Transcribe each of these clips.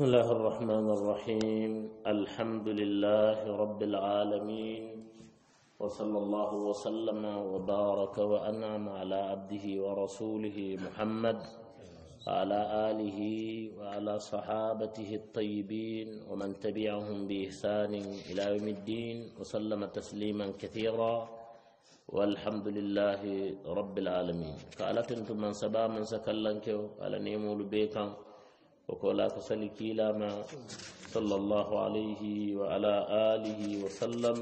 بسم الله الرحمن الرحيم الحمد لله رب العالمين وصلى الله وسلم وبارك وانعم على عبده ورسوله محمد وعلى اله وعلى صحابته الطيبين ومن تبعهم باحسان الى يوم الدين وسلم تسليما كثيرا والحمد لله رب العالمين قالت انتم من سبا من سكلنكو على نيمول بيكم وقال فصل كيلاما صلى الله عليه وعلى آله وسلم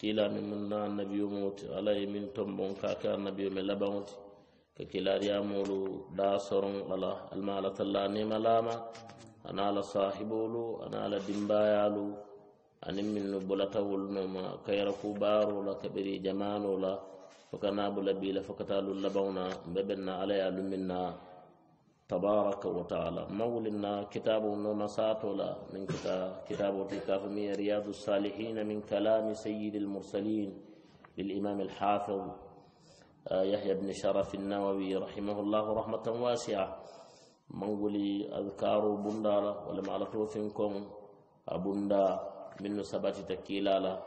كلا من منا النبي موت على من تنبون كاكا النبي من لبوت ككلا ريامولو دا سرون ولا المال تلا نملاما أنا على صاحبولو أنا على دمبايالو أنا من نبلة والنوما كيركو بارو لا كبري جمانو لا فكنا بلا بيلا فكتالو لبونا ببنا عليا لمنا تبارك وتعالى مولنا كتابه نمساتولا من كتابه الكافمية رياض الصالحين من كلام سيد المرسلين للإمام الحافظ آه، يحيى بن شرف النووي رحمه الله رحمة واسعة مولي أذكار بندالة ولم على توفنكم أبندا من سبات تكيلالة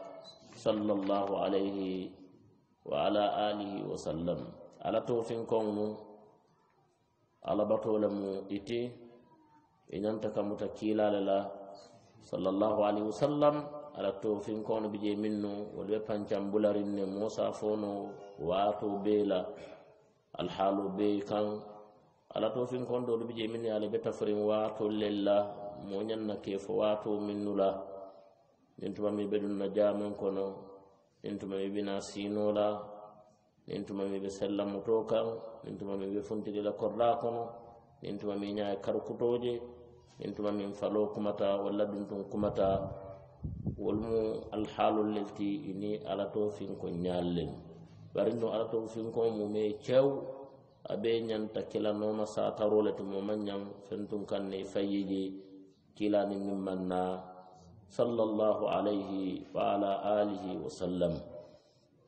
صلى الله عليه وعلى آله وسلم على توفنكم alabato le mu ite i ñanta kamuta kiilale la sallallahu alaihi wasallam ala tofinkono bi je minnu wolu be pancan bularin ne mosa fono waato be la alhaalo be kan ala tofinkono do olu bi je minnu ala be tafarin waato lel la mo ñan na ke fo waato minnu la min tuma mi bedun na jamen kono min tuma mi bina siino la nin tuma mi ɓe sellamuto kan nin tuma mi ɓe funtigila korla kono nin tuma mi ñaa karkutoje nin tuma min falo kumata walla ɗum tun kumata wolmu alhaalol lefti ini ala to finko ñallen bari ɗum ala to finko mume cew aɓe ñanta kilanoma satarole to moma ñam fentun kanne fayiji kilani min manna sallallahu alayhi wa ala alihi wa sallam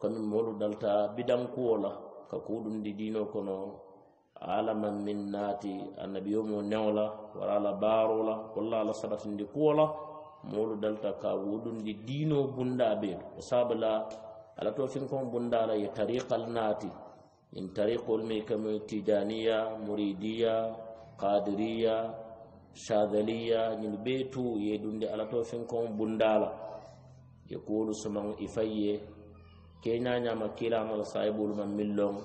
komin molu dalta bidankuwo la ka kuɗum ɗi dino kono ala man min naati annabio mo newla wara ala baaro la walla ala sadatindi kuwo la molu dalta ka wuɗumɗi dino bunda ɓeeɗu o saabu la ala to finkon bundala ye tariqal naati in tariqol mi kam tijaniya muridiya kadiriya shadaliya ñin ɓee tu ye ɗumɗi ala to finkon bundala ye kuwolu suman ifayye e keñañama kilamala sahibuluma millon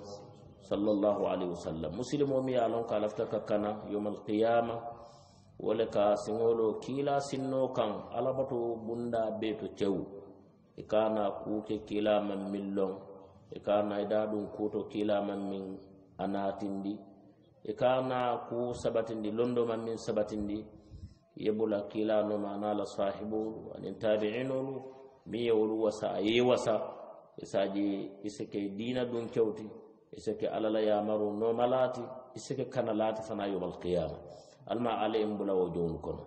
sallallahu alaihi wasallam musilimo mi alon ka lafta ka kana yomal qiyama wole ka siŋolo kila sinno kan alabato bunda be to cewu i e kana kuke kilaman millon i e kana i da ɗum kuto kilaman min anatindi i e kana ku sabatindi londoman min sabatindi yebula kilanoma nala sahibolu anin tabiinolu mi ye wolu wasa a ye wasa e saji e sike diina ɗum cewti e sike alah la yamaru noma laati e sike kana laati fana yomal qiyama alma ala en bula o jowmu kono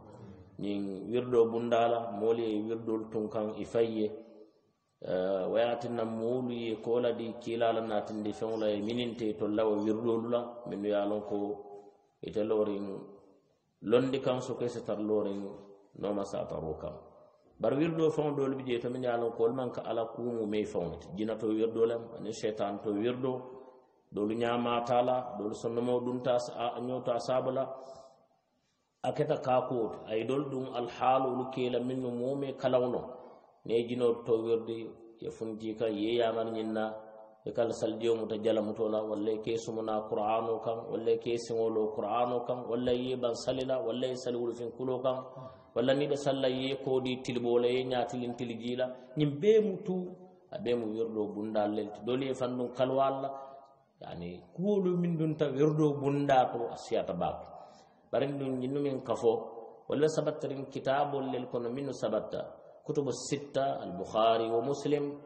ñin wirɗo bundala mooli e wirɗol tun kan e fayye eh, wayatinna moluye kooladi kiilala natinde feŋola e mininte tollawa wirɗolu la min ya lon ko itelorin e londi kan sokese tarlorin noma sataro kam bar wirdo fawdol bi je to min yalon kol man ka ala kumu me fawnit jina to wirdo lam ani shaytan to wirdo do lu nyama tala do lu sonno mo dun tas a nyota sabala aketa ka ko ay dol dum al halu lu kila min mo me kalawno ne jino to wirdi ye funji ka ye yaman nyinna e kal sal jio mu ta jala mu tola walle ke sumuna qur'ano kam walle ke singolo qur'ano kam walle ye ban salila walle salulu fin kulo kam mm -hmm. walla ni ɓe salla ye koodi tiliɓola ye ñatilin tiligila ñin bee mu tu a bee mu werɗo bunda lelti doli e fan ɗum kalwalla yani kuwolu min ɗum ta werɗo bunda to a siyata baake barin ɗum ñinnu min kafo walla sabattarin kitabol lil kono minu sabatta kutubu al bukhari wo muslim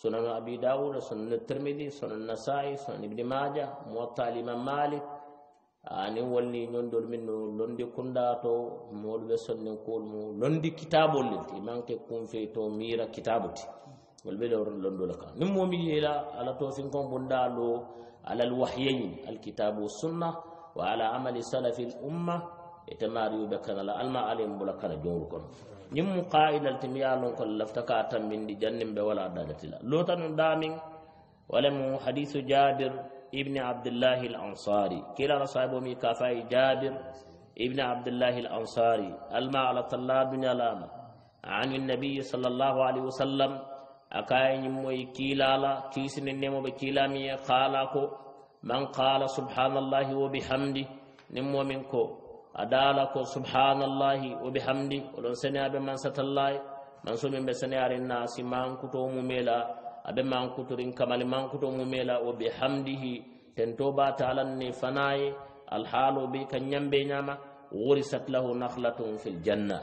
sunan abi dawuda sunan termidi sunan nasai sunan ibni maja muwatta alimam malik ani wonni ñondol min no londi kundato moolu ɓe sonnin kuol mu londi kitabol le ti manque kunfe to mira kitabu ti wol ɓe lewron londola kan nin momi yela ala tofin kon bunda lo alal wahyayin alkitabu sunna wa ala amali salafi l umma e temariyoɓe kanala alma alim bula kala jowru kono ñin mu qaidal timi ya lon kon lafta ka tammindi jannin ɓe wala dadatila lotanum damin wala mu hadithu jabir ابن عبد الله الأنصاري كلا صاحب ميكافاي جابر ابن عبد الله الأنصاري الما على طلاب بن الام عن النبي صلى الله عليه وسلم أكاين موي كيلا لا كيسن النمو بكيلا مي خالاكو من قال سبحان الله وبحمده نمو منكو أدالكو سبحان الله وبحمده ولن سنة بمن ستالله من سمين بسنة الناس من كتوم ميلا abe mankutorin kamali mankuto mumela wo bihamdihi tento batalan al fanaye alhaalo be ka ñambe ñama wurisat lahu nahlatun fi ljanna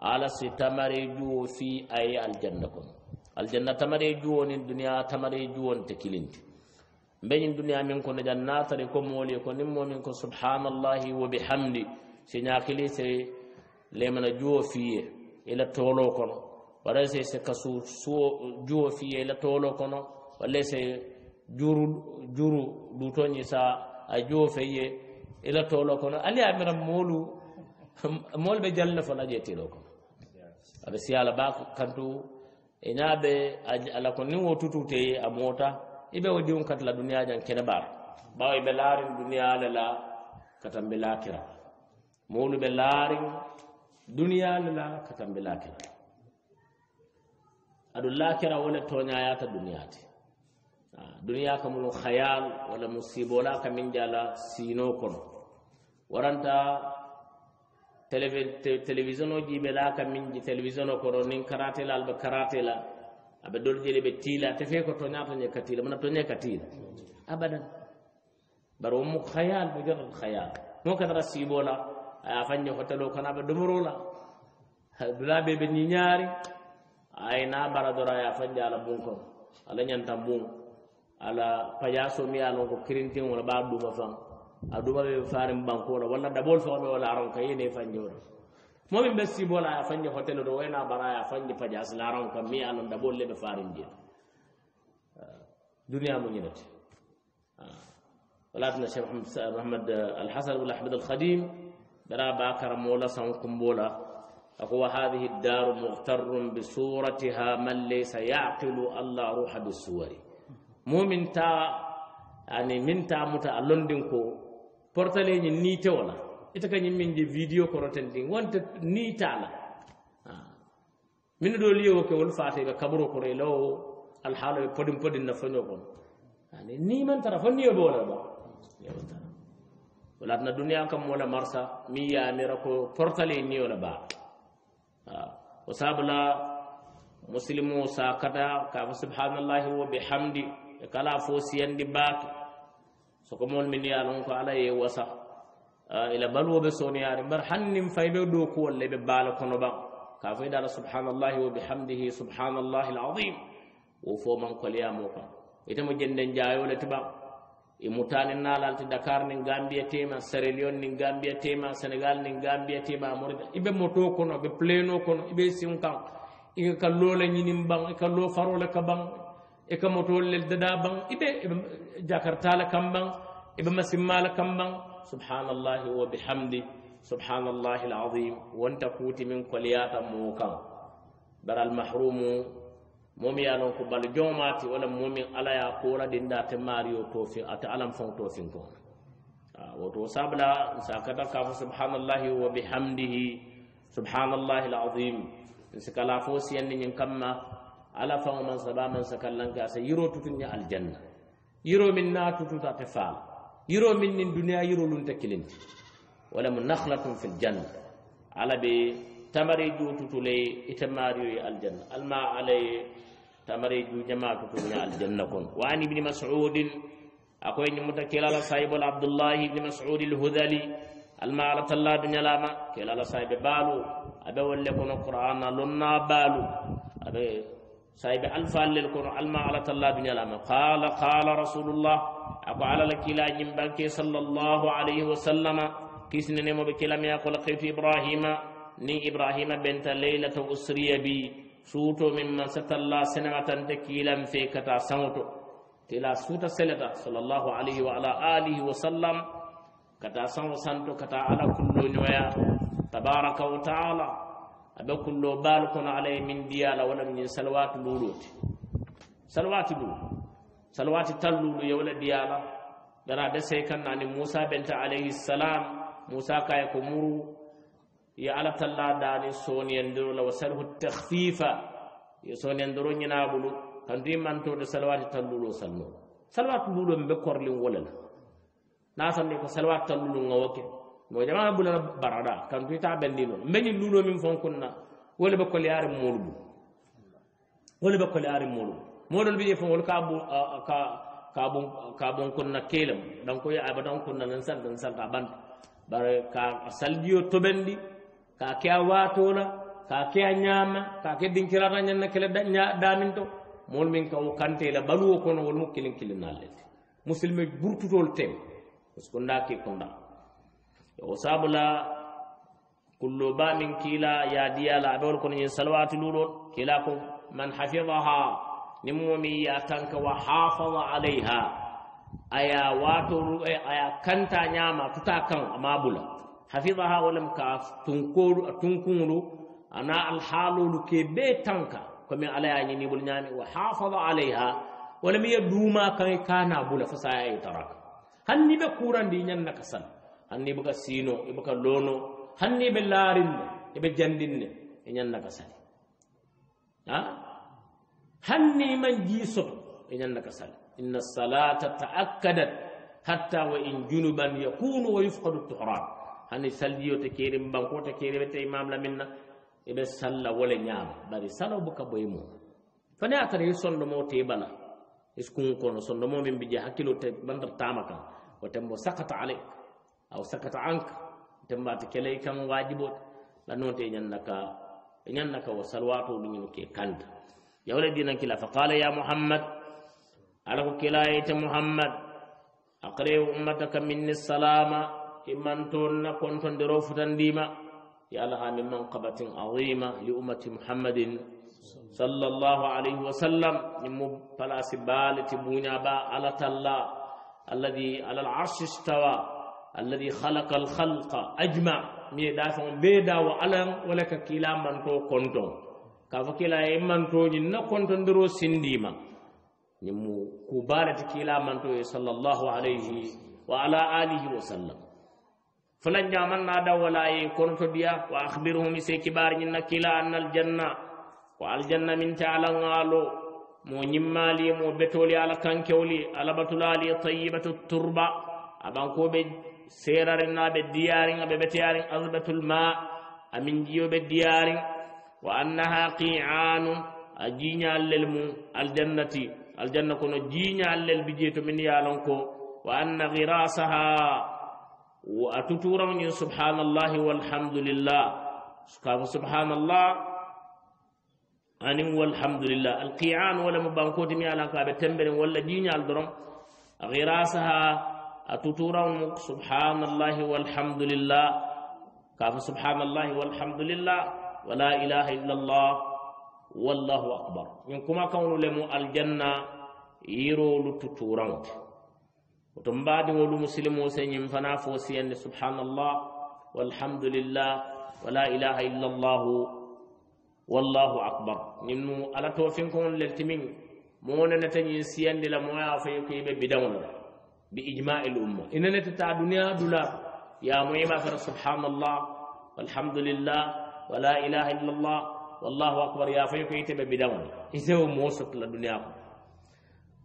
ala si tamare juwo fi aye aljanna kono aljanna tamare juwo nin duniya tamare juwon te kilinti mbeñin duniya min kono jan natari ko mooli ko nin momin ko subhanallahi wo bihamdi si ñakili se lemana juwo fiye ila toolo kono wara se se kasu suwo juwo fiye la tolo kono walla se juru juru duto ni sa a juwo feye ila tolo kono ali amira molu molu be jalna fana je tilo kono abe si ala ba kantu ina be ala kon ni wotu tute a mota ibe wodi on kat la dunya jan kene bar baw ibe laari dunya la la katambe lakira molu be laari dunya la la katambe lakira ادو لاكرا ولا تونيا يا تا دنيا تي دنيا كمل خيال ولا مصيبه لا كمن جالا سينو كون ورانتا تلفزيون جي بلا كمن جي تلفزيون كورونين كراتيل الب كراتيل ابي دول جي لي تيلا تفي كو تونيا تونيا كتيلا من تونيا كتيلا ابدا بروم خيال بجر الخيال ممكن رسيبولا افاني هوتلو كان ابي دمرولا بلا بي بنياري ay na bara dora ya fanje ala bun ko ala nyanta bun ala payaso mi ala ko kirintin wala ba duma fam aduma be farin banko la wala dabol fa be wala aron kay ne mo be messi bola ya fanje hotel do wena bara ya fanje pajas la ron kam mi ala dabol le be farin ndi duniya mo nyinati wala tna cheikh ahmed al hasan wala ahmed al khadim dara ba karam wala أقوى هذه الدار مغتر بصورتها من ليس يعقل الله روح بالصور مؤمن تا يعني من تا متا لندن كو portale ñi niite wala ita ka ñi min je video ko roten ding wonta niita la min do liyo ko wol faate be kaburo ko relo al halu podim podim na fanyo kon ani ni man tara fo niyo bola ba yo tara wala na duniya kam wala marsa mi ya mi rako portale niyo la ba وسابلا مسلمو ساكتا كاف سبحان الله هو وبحمدي كلا فوسي عندي باك سكمون مني علون قال يا وسا آه، الى بلو بسوني يا يعني مر حنم فيبو دو كو لي ببال كنوبا كاف دار سبحان الله وبحمده سبحان الله العظيم وفو من قال يا موكا يتم جندن جايو لتبا e mutanin naalal dakar nin gambia tema sierra leone nin gambia tema sénégal nin gambia tema morida ibe moto kono be pleno kono iɓe siw kan ika ka loola ñinin ban ika loo farola ka moto ika dada bang ibe jakarta jakartala kam ibe eɓe masimmala kam ban subhanallahi wa bihamdi subhanallah alazim wanta kuti min koliyata mukam baral mahrumu mumia ye lon ko balu jomaati walla momin ala ye kora dinda te mario tofin ate alam faŋ tofin kono woto sabla sa kata kafo subhanallahi wa bihamdihi subhanallahi alazim nsi kala fo siyandi ñin kamma ala faŋo man saba man sakallanke asa yiro tutuña aljanna yiro min na tututa te faala yiro min nin duniya yiro lunte kilinti walla mu nahlatun fi ljanna ala be تمري جو تطولي إتماريو الجنة الماء عليه تمري جو جماعة تولي الجنة كون وعن ابن مسعود أقوين متكيل على صاحب عبد الله ابن مسعود الهذلي الماء على تلا دنيا لاما كيل على صاحب بالو أبي ولكون القرآن لنا بالو أبي صاحب ألفا للكون الماء على تلا دنيا لاما قال قال رسول الله أبو على لك إلى جنبك صلى الله عليه وسلم كيسن نمو بكلام يقول خيف إبراهيم ني إبراهيم بنت ليلة أسري بي سوتو من ست الله سنة تكيلا في كتا سوتو تلا سوتا سلتا صلى الله عليه وعلى آله وسلم كتا سو سنتو كتا على كل نويا تبارك وتعالى أبو كل بالك عليه من ديالا ولا من سلوات بولوت سلوات بولوت سلوات تلول يا ولد ديالا درا بسيكا عن موسى بنت عليه السلام موسى كايكو مورو يا على تلا داني سون يندرو لو سلوه التخفيفة يا سون يندرو نينا بلو تندري من تود سلوات تلولو سلمو سلوات بلو مبكر لين ولنا ناس اللي كسلوات تلولو نواك مو جماعة بلو برادا كان تويتا بندينو مني لولو من فون كنا ولا بكل يار مولو ولا بكل يار مولو مولو بيجي فون كابو كا كابون كابون كنا كيلم دم كوي ابدا كنا ننسى ننسى كابان بارك كا تبندي ka ke a waatola ka ke a ñaama ka ke dinkirata ñanna kele daminto moolu min kan wo kante la baluwo kono wol mu kilin kilin naal le musilime burtutol tem parce que nda ke konda o sabula kullu ba min kila ya diya la abol kono ñin salawatu lulol kila ko man hafidaha nin momi ya tanka wa hafada alayha aya wato eh, aya kanta ñaama tuta kan ama bula hafidaha walam ka tunkolu tunkunlu ana alhalolu ke be tanka komin ala ya ñini bul ñami wa hafada alayha walam ya duma kan kana bula fasa ya tarak hanni be kurandi ñan naka san hanni buka sino buka lono hanni be larinne be jandinne e ñan naka san ha hanni man ji soto e ñan naka san inna salata ta'akkadat hatta wa in junuban yakunu wa yufqadu at-tuhran hani salliyo te keerim banko te keere ɓe te imam la min na eɓe salla wole ñaama bari salaw boka boye mum fane a tara i sondomo te bana iskun kono sondomo min mbi je hakkilo te bandar tama kan o tembo sakata alek aw sakata anka tembate keley kan wajibo la noonte ñannaka e ñannaka o salwato ɗumin ke kanta yawle dinankila fa qala ya mouhammad ala ko kilayete mouhammad aqre ummataka minni salama كمانتون نكون فندرو فتنديما يالا من منقبة عظيمة لأمة محمد صلى الله عليه وسلم نمو فلا سبالة بونابا على تلا الذي على العرش استوى الذي خلق الخلق أجمع ميدافع بيدا وألم ولك كلا من تو كنتم كافا كلا إمان تو جنة كنتم درو سنديما نمو كبارة كلا من تو صلى الله عليه وعلى آله وسلم فلن جامن نادا ولاي كون تبيا وأخبرهم سكبار إن أن الجنة والجنة من تعالى قالوا مو نمالي مو بتولي على كنكولي على بتولالي طيبة التربة كو بي سيرارنا بديارين ببتيارين أضبة الماء امين جيو بديارين وأنها قيعان أجينا للم الجنة الجنة كون جينا للبجيت من يالونكو وأن غراسها واتتورم سبحان الله والحمد لله سكام سبحان الله أني والحمد لله القيعان ولا مبانكوت ميالا كاب تمبر ولا جيني الدرم غراسها أتتورم سبحان الله والحمد لله كاف سبحان الله والحمد لله ولا إله إلا الله والله أكبر من كما كون لمو الجنة يرو لتتورمت وتم بعد ولو مسلم وسيم فنافو سيان سبحان الله والحمد لله ولا إله إلا الله والله أكبر نمو على توفينكم للتمين مونا نتني سيان لا مويا فيكي بدون بإجماع الأمة إن نتتا دنيا دولا يا مويما فر سبحان الله والحمد لله ولا إله إلا الله والله أكبر يا فيكي تب بدون إذا موسط لدنياكم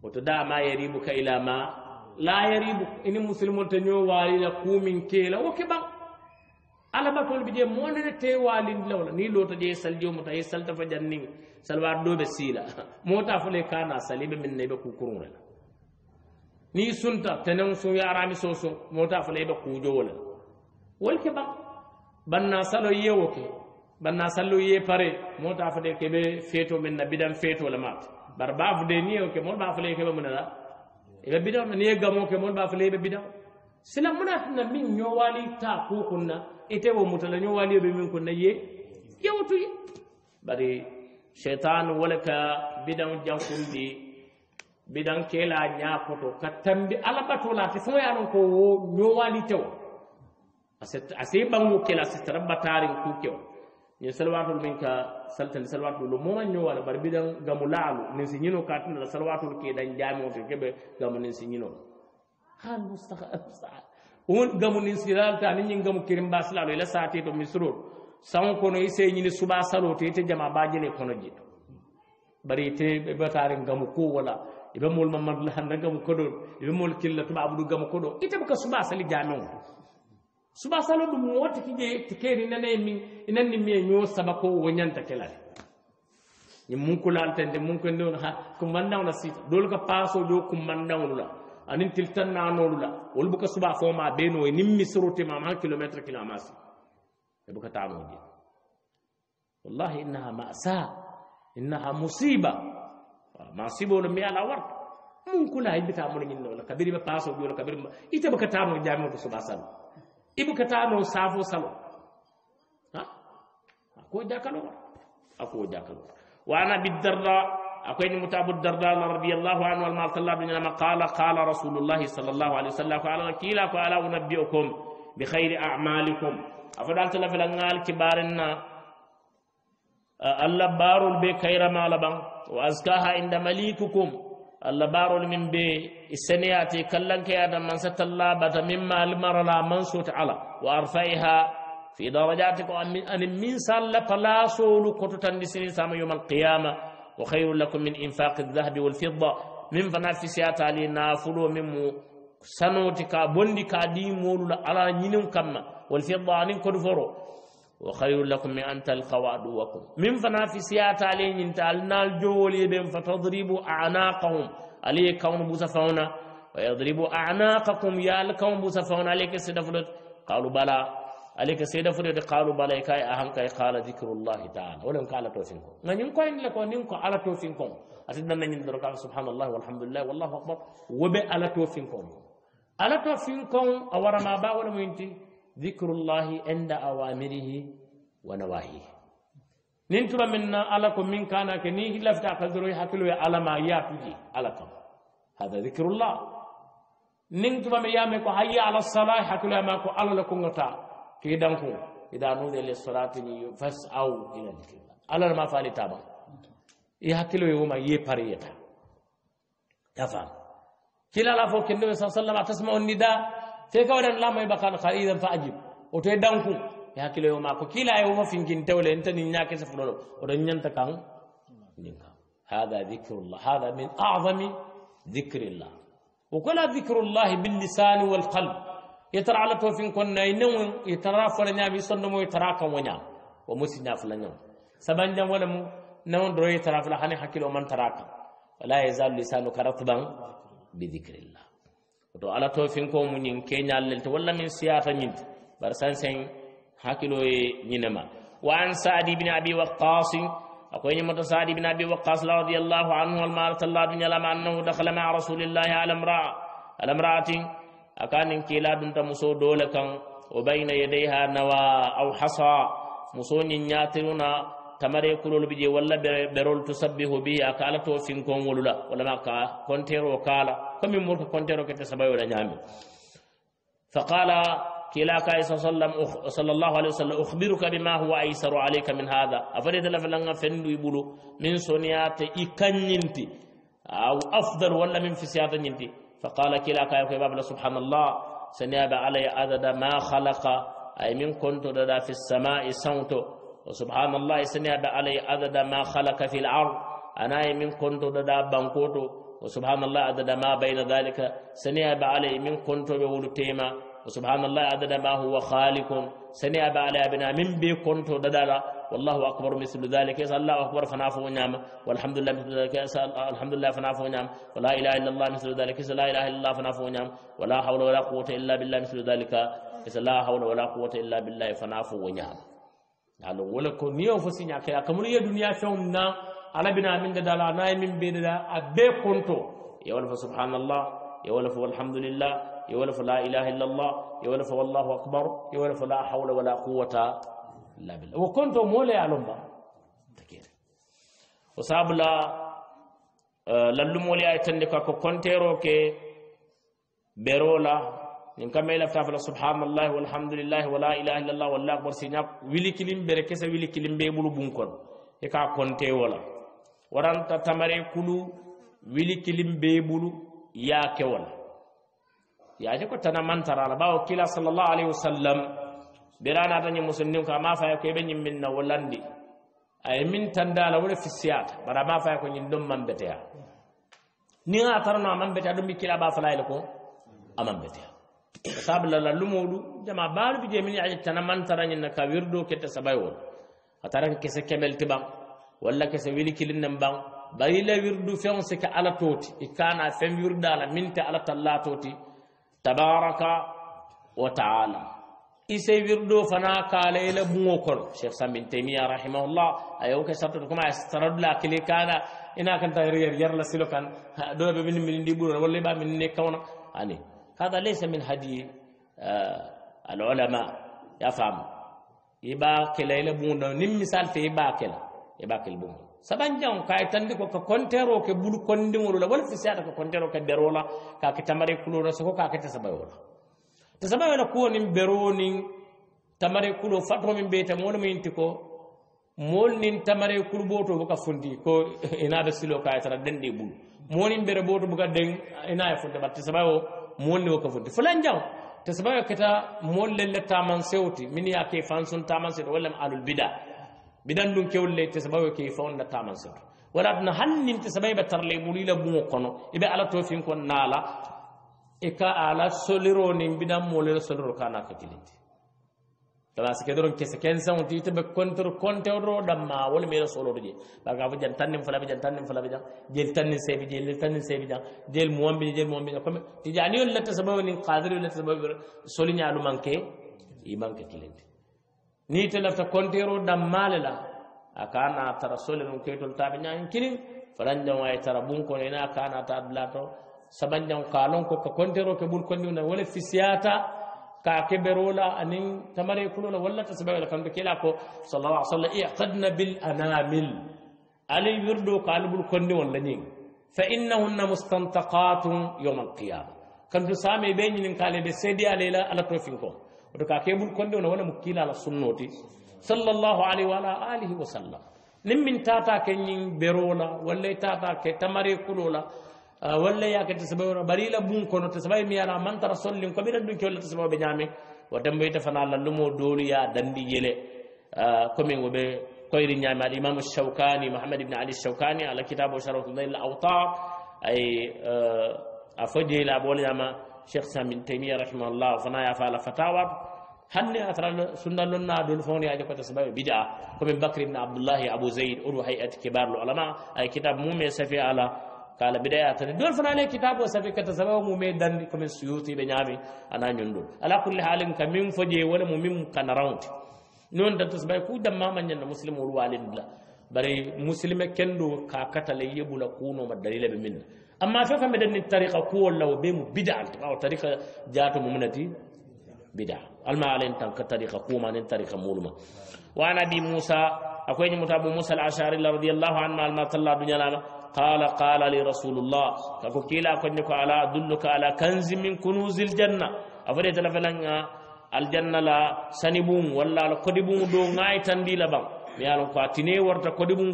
وتدعى ما يريبك إلى ما la yaribu ini musilmol te ñoo waalila kuumin keela wo keɓang alabatol bi je moonene te waalindilawla ni loota je saljomuta ye salta fa janning salwaat ɗoɓe siila moota fole kana sali ɓe min nayɓe kukurunrela ni sunta tenen sun yarami so sun moota fole ɓe kujowolela wol keɓang banna salo ye wo ke banna sallo ye pare moota fode keɓe feeto min na bidan feetola maate bar baafude ni yewo ke mol baafole keɓe munela e ɓe bidaw nani e gamoke moon mbaa fale ɓe bidaw sila munatna min ñowaali ta kuukunna ite wo mutala ñowaali e ɓe min kunna yee yewtuye bari cheytan wala ka bidaw jankunɗi bidan keela ñaakoto ka tambi alabatolaate foyaanon ko wo ñowaali tewo a si baŋngu kela a si tara batarin kuukewo ye salawatul min ka saltali salawatul lo moma ñu ñowala bari bidan gamu laalu nin si ñino katinala salawatul ke dan jaamo fe kebe gamu nin si ñino khan mustaha mustaha won gamu si laal ta ni ñin gamu kirim ba basilalo ila saati to misrol sawo kono i sey ñini suba salote te jama ba ko no jiito bari te ite batare gamu ko wala ibe mol la han gamu ko do ibe mol killa tubabudu gamu ko do itam ka suba sali jaame suba salo ɗum wote kije tikeri nana min nanni mi e ño saba ko wo ñanta kelale ñi munkulalta nde munkonde on ha kummannawna siita dolu ka paaso ɗo kummannawnula anin tiltannanolula wol buka suba foma ɓeno e nin mi sorotima ma kilométre kino ama si e buka tamoje wallahi innaha masa innaha musiba masibolo mbi ala warta munkula yibbitamono ñinnola kabiri ɓe paaso ƴola kabiri ite buka tamo jamimo ko suba salo ibu ka taa loo saafo salo ha ako jakalo ako jakalo wa ana bidarda akoy ni mutabu darda radiyallahu anhu wal ma'sallah bin nama qala qala rasulullah sallallahu alaihi wasallam qala kila fa ala unabbiukum bi khairi a'malikum afadal talafal ngal kibarinna alla barul be khaira malaban wa azkaha inda malikukum allah ɓarol min ɓe seneyati kallanke adam man satallabata mimma almarala mansuta ala wa arfaiha fi darajati ko anin min salla palasolu kototandi sini sama yoma alqiyama wa hayru lakum min infaqi aldahabi walfidda min fana fisiyatali nafulo min mu sanoti ka bondi ka ɗimolula ala ñinin kamma walfidda anin kodu foro وخير لكم من أن تلقوا عدوكم من فنا في سيات عليه انت النال جولي بهم فتضربوا أعناقهم علي كون بوسفونا ويضربوا أعناقكم يا لكون بوسفونا عليك سيدفلت قالوا بلا عليك سيدفلت قالوا بلا كاي أهم كاي قال ذكر الله تعالى ولم قال توفينكم من ينكو إن لكم ننكو على توفينكم أسدنا من يندرك سبحان الله والحمد لله والله أكبر وبأ على توفينكم على توفينكم أورما با ولا مينتي ذكر الله عند أوامره ونواهيه ننترى منا ألكم من كان كني لفت أقدروا حكلوا على ما يأتي ألكم هذا ذكر الله ننترى ميامك هيا على الصلاة حكلوا ماكو على لكم غطاء كيدانكو إذا نودي للصلاة فاسعوا إلى ذكر الله على ما فعل تابا يحكلوا يوم يبريتا يفهم كلا لا فوق النبي صلى الله عليه وسلم تسمع النداء teka wadan lama ibakan khaidan faajib otoe danku ya kilo yoma ko kila yoma fingin tewle nta ninyake safulolo oda nyanta kang ninka هذا ذكر الله هذا من أعظم ذكر الله وكل ذكر الله باللسان والقلب يترى على توفين كنا ينو يترى فلنا بيصنو مو يترى كم ونا ومسينا فلنا سبحان جم ولا مو نو دروي يترى فلنا حكي لو من ترى كم ولا to ala to finko mu ñin keñal lelti walla min siyata ñinti bar san sen hakilo ye nyinema wa an sadi bine abi waqas akoy ñimoto sadi bine abi waqas la radiallahu anhu walmala talla duñalama annahu dakhala maa rasulillahi ala mraa ala mraatin akanin kila dunta muso dole kan o bayna yadayha nawa aw hasa muso ñin ñatiruna tamare kunono bi je walla berol to sabbihu bi aka ala to finkon wolula walla ma ka kontero kala komi murko kontero kete sabayola ñami faqala kilaka isa sallam sallallahu alaihi wasallam ukhbiruka bima huwa aysaru alayka min hadha afade dala falanga fendu ibulu min soniyata ikanyinti aw afdal walla min fisiyata nyinti faqala kilaka ya babla subhanallah saniyaba alay adada ma khalaqa ay min kuntu dada fi as-sama'i sawto وسبحان الله سنيا علي عدد ما خلق في الأرض أنا من كنت ددا بانكوتو وسبحان الله عدد ما بين ذلك سنيا علي من كنت بول تيما وسبحان الله عدد ما هو خالق سنيا علي بنا من بي كنت ددا والله أكبر مثل ذلك يسأل الله أكبر فنافه نعم والحمد لله مثل ذلك يسأل الحمد لله فنافه نعم ولا إله إلا الله مثل ذلك يسأل لا إله إلا الله فنافه نعم ولا حول ولا قوة إلا بالله مثل ذلك يسأل لا حول ولا قوة إلا بالله فنافه نعم alo wala ko ni yo fosi nyaka ya kamuri ya dunia fewm na ala bina min da dala na min be da abe konto ya wala fa subhanallah ya wala fa alhamdulillah ya wala fa la ilaha illallah ya wala fa wallahu akbar ya wala fa la hawla la quwata illa billah wa konto mole ya lomba takere o sabla lallumol ya tande ko kontero ke berola nin kamma ila fitafala subhanallah walhamdulillah wala ilaha illallah wallahu akbar sinya wili kilim bere kesa wili kilim be bulu bunkon e ka konte wala waranta tamare kulu wili kilim be bulu ya ke wala ya je ko tana mantara la bawo kila sallallahu alaihi wasallam berana tan musulmin ka ma fa ko be nyim minna walandi ay min tandala wala fisiyat bara ma fa ko nyim dum man beteya ni nga tarno man beta dum bi kila ba fa lay ko amam beteya sabla la lumodu jama baalu bi je min yaji tanaman tarani na ka wirdo kete sabayol ataran kese kemel tiban walla kese wili kilinnan ban bari la wirdu feŋ si ka ala tooti i kana feŋ wirda la min te ala talla tooti tabaraka wa taala i se wirdo fana kaala i la buŋo kono cheikh sam bin taimiya rahimahullah a yewo ke sartoto comme a taradula kili kana ina kanta yer yar la silo kan dole be min min di ɓuurona walla i ɓa min ne kawna ani hada laysa min hadi uh, alulama ya fam iba kelayla bunno nim misal fe iba kel iba kel bunno saban jaw kay tandi ko ka kontero ke bulu kondi wuro la wal fisata ko kontero ka berola ka ke tamare kulura so ko ka ke tasabayola tasabayola ko nim beroni tamare kulo fatro min beta mo min tiko mol nin tamare kulu boto ko ka fondi ko ina be silo kay tara dende bulu mo nim bere boto buga den ina fonde batte sabayo moolu niwo ka funti fulan jaŋ te sababa keta moolu le le taamansewo ti minnu ye a ke fansun taamansewo ti walla alul bida bidan dun kewol le te sababa ke faŋo la taamansewo to wala tuna hani nin te sababa be tarla i bulu i la buŋo kono i be ala to fin ko naa la i ka a la soliroo niŋ bidan moolu la soliroo ka a naa ka kilindi tawasi ke doron kese ken san ti tebe kontor kontor ro damma wol mi rasulu je baga bu jan tannim fala bi jan tannim fala bi jan jel tannin se bi jel tannin se bi jan jel muwam bi jel muwam bi ko ti jani yol latta sababu ni qadir yol latta sababu soli nyaalu manke i manke kilenti ni te lafta kontor ro damma la akana tara soli mun kaytol tabi nyaayin kilin faranjan way tara bun ko ina kana ta blato sabanjan kalon ko ko kontor ro ke bul konni wala fisiyata ka keberola anin tamare kulola walla ta sababe kambe kela ko sallallahu alaihi wasallam iqadna bil anamil ali wirdo kalbul kondi walla nyin fa innahunna mustantaqatun yawm al qiyamah kantu same be nyin kale be sedi alela ala tofin ko to ka kebul kondi wona wala mukila ala sunnoti sallallahu alaihi wa ala alihi wasallam nim min tata kenyin berola walla tata ke tamare kulola walla yakete sababu no barila bun kono te sababu mi ala mantara sollin ko ɓiran ɗum colle te sababu ɓe ñaami o demboyte fana lallumo doolu ya dandi yele komin oɓe koyri ñaami aɗa imamu shawkani mahamad ibne ali shawkani ala kitabu sharatullahi l awtar ay a fodiyla ɓoolñama cheikh samin taimia rahimahullah fana ya fa ala fatawat hannde a tara sunna lonna doolu fon yaji kote sababu bida komin bacry ibne abdoullahi abou zeyd oɗo hay ati kibar lo alama ay kitabe mum e safi ala قال بداية دول فنا لي كتاب وسبي كتسبب مومي دان كم سيوتي بنيامي أنا نندو على كل حال إن كمين فجي ولا مومي كان راوند نون تتسبب كود ما من ين مسلم والوالد بلا بري مسلم كندو كاكتا لي يبولا كونو مدليل بمن أما في فم دن التاريخ كول لو بيم بدع أو تاريخ جاتو ممنتي بدع alma alen تان كتاريخ كوما نن تاريخ مولما وأنا wa nabi musa akoy موسى mutabu رضي الله عنه radiyallahu anhu alma talla dunyalama قال قال لي رسول الله كفو كيلا كنك على دلك على كنز من كنوز الجنة أفريت لفلنها آه، الجنة لا سنبون ولا لقدبون دو غاي تندي لبن ميالو كاتيني ورد قدبون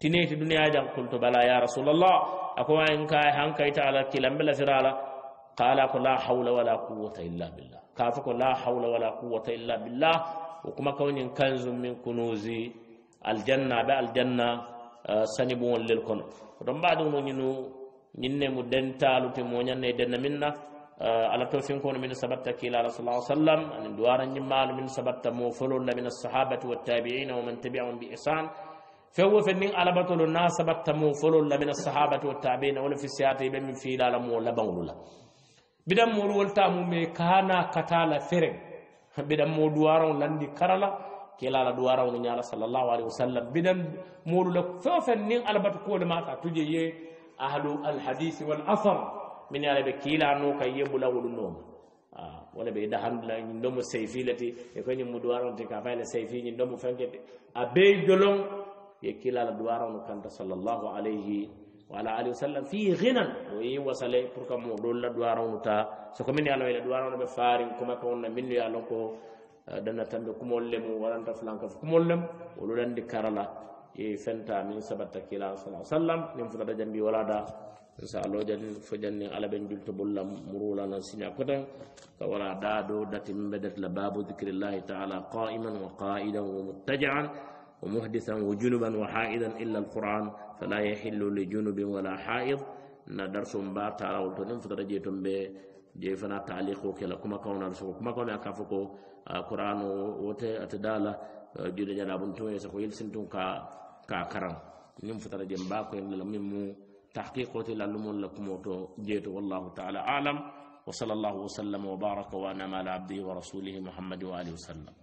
تيني في الدنيا جام قلت بلا يا رسول الله أكو إنك هنك على كلام بلا فرالا قال لا حول ولا قوة إلا بالله كافك لا حول ولا قوة إلا بالله وكما كون كنز من كنوز الجنة بالجنة sanibuŋol lel kono oton mbaɗum no ñinu ñinne mu dentaalute moñanne denna min na ala to finkono min sabatta kiilala sala ah sallam anin duwara ñimmaalu min sabatta mo folol la min alsahabati wattabiina wa man tabiahum bi ihsan fewwo fe nin alabatolu na sabatta mo folol la min alsahabati wattabiina wala fi siyata ɓe min fiilala mo labaŋolu la biɗan molu wolta mume kana katala fere biɗan mo duwaraŋo landi karala كلا على دواره ونيا على صلى الله عليه وسلم بدم مولك لك فوفن نين على بتقول ما تجيء أهل الحديث والأثر من على بكيلا نو كي يبلا ولنوم آه ولا بيدا هند لا يندم سيفي التي يكون يمدوار وتكافئ السيفي يندم فنكت أبي جلون يكلا على دواره ونكان صلى الله عليه وعلى عليه وسلم في غنى وي وصل بركم دول دواره ونتا سكمني على دواره ونبفارين كما كنا من يعلمكم dana tambe kumollem lemu waranta fulanka fo kumol karala e fenta min sabatta kila sa sallam nin fudada jambi walada sa alojani fo janni ala ɓen julto murula na siña koten ka wala daɗo dati min la babu dicrillahi taala qaiman wa qaidan wa muttajaan wa muhdisan wa junuban wa haidan illa alquran fala yahillu li junubin wala haid na darsum ba tarawol to nin jefana fana taliko kela kuma kawna so kuma kawna ka foko qur'an wote atdala jude jana bun to yesa ko yilsin ka ka karam nim futara dem ba ko yalla min mu tahqiqati lalumul lakum to jeto wallahu ta'ala alam wa sallallahu wa sallama wa baraka wa anama ala abdihi wa rasulihi muhammad wa alihi